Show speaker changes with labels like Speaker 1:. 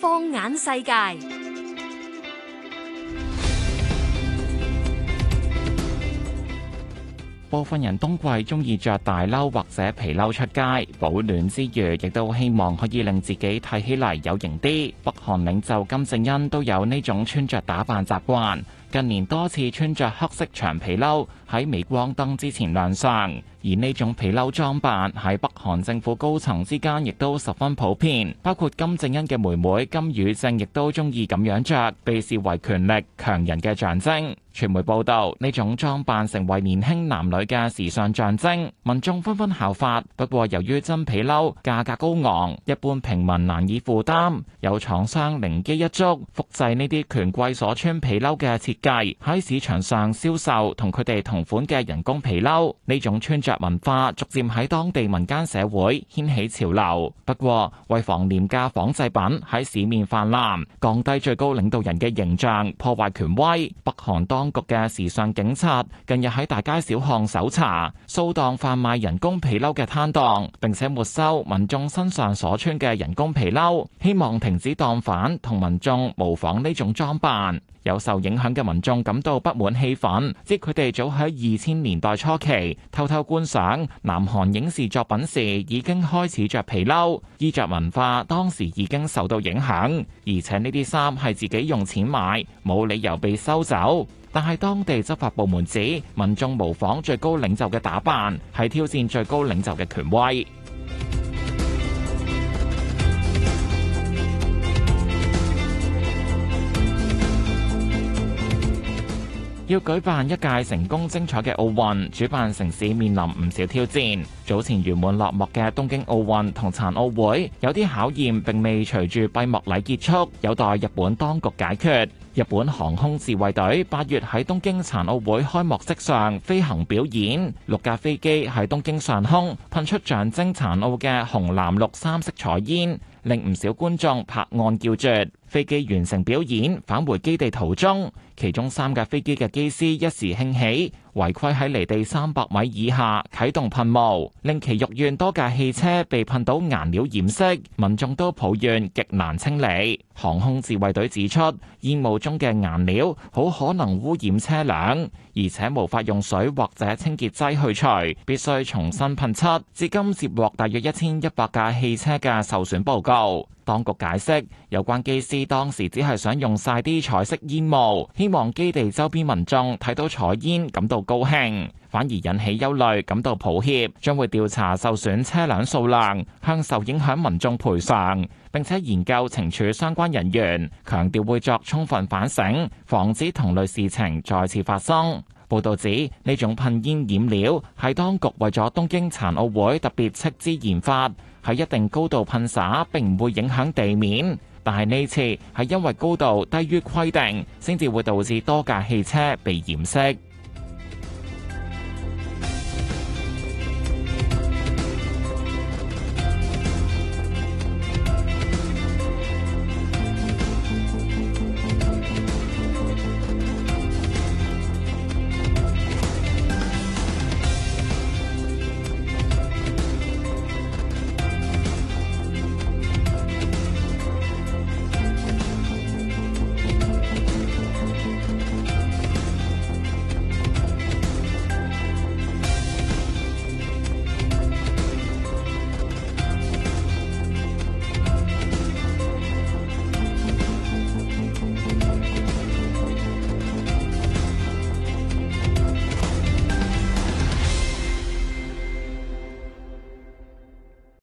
Speaker 1: 放眼世界，部分人冬季中意着大褸或者皮褸出街，保暖之餘，亦都希望可以令自己睇起嚟，有型啲。北韓領袖金正恩都有呢種穿着打扮習慣，近年多次穿着黑色長皮褸喺鎂光燈之前亮相。而呢種皮褸裝扮喺北韓政府高層之間亦都十分普遍，包括金正恩嘅妹妹金宇正亦都中意咁樣着，被視為權力強人嘅象徵。傳媒報道呢種裝扮成為年輕男女嘅時尚象徵，民眾紛紛效法。不過由於真皮褸價格高昂，一般平民難以負擔，有廠商靈機一觸，複製呢啲權貴所穿皮褸嘅設計，喺市場上銷售同佢哋同款嘅人工皮褸。呢種穿著文化逐漸喺當地民間社會掀起潮流。不過，為防廉價仿製品喺市面泛濫，降低最高領導人嘅形象，破壞權威，北韓當局嘅時尚警察近日喺大街小巷搜查、掃蕩販賣人工皮褸嘅攤檔，並且沒收民眾身上所穿嘅人工皮褸，希望停止盜版同民眾模仿呢種裝扮。有受影響嘅民眾感到不滿氣憤，即佢哋早喺二千年代初期偷偷觀賞南韓影視作品時，已經開始着皮褸，衣着文化當時已經受到影響。而且呢啲衫係自己用錢買，冇理由被收走。但係當地執法部門指，民眾模仿最高領袖嘅打扮，係挑戰最高領袖嘅權威。要舉辦一屆成功精彩嘅奧運，主辦城市面臨唔少挑戰。早前圓滿落幕嘅東京奧運同殘奧會，有啲考驗並未隨住閉幕禮結束，有待日本當局解決。日本航空自衛隊八月喺東京殘奧會開幕式上飛行表演，六架飛機喺東京上空噴出象徵殘奧嘅紅藍綠三色彩煙，令唔少觀眾拍案叫絕。飛機完成表演返回基地途中，其中三架飛機嘅機師一時興起。違規喺離地三百米以下啟動噴霧，令一千一百多架汽車被噴到顏料染色，民眾都抱怨極難清理。航空自衛隊指出，煙霧中嘅顏料好可能污染車輛，而且無法用水或者清潔劑去除，必須重新噴漆。至今接獲大約一千一百架汽車嘅受損報告。當局解釋，有關機師當時只係想用晒啲彩色煙霧，希望基地周邊民眾睇到彩煙感到高興。反而引起憂慮，感到抱歉，將會調查受損車輛數量，向受影響民眾賠償，並且研究懲處相關人員，強調會作充分反省，防止同類事情再次發生。報道指，呢種噴煙染料係當局為咗東京殘奧會特別斥資研發，喺一定高度噴灑並唔會影響地面，但係呢次係因為高度低於規定，先至會導致多架汽車被染色。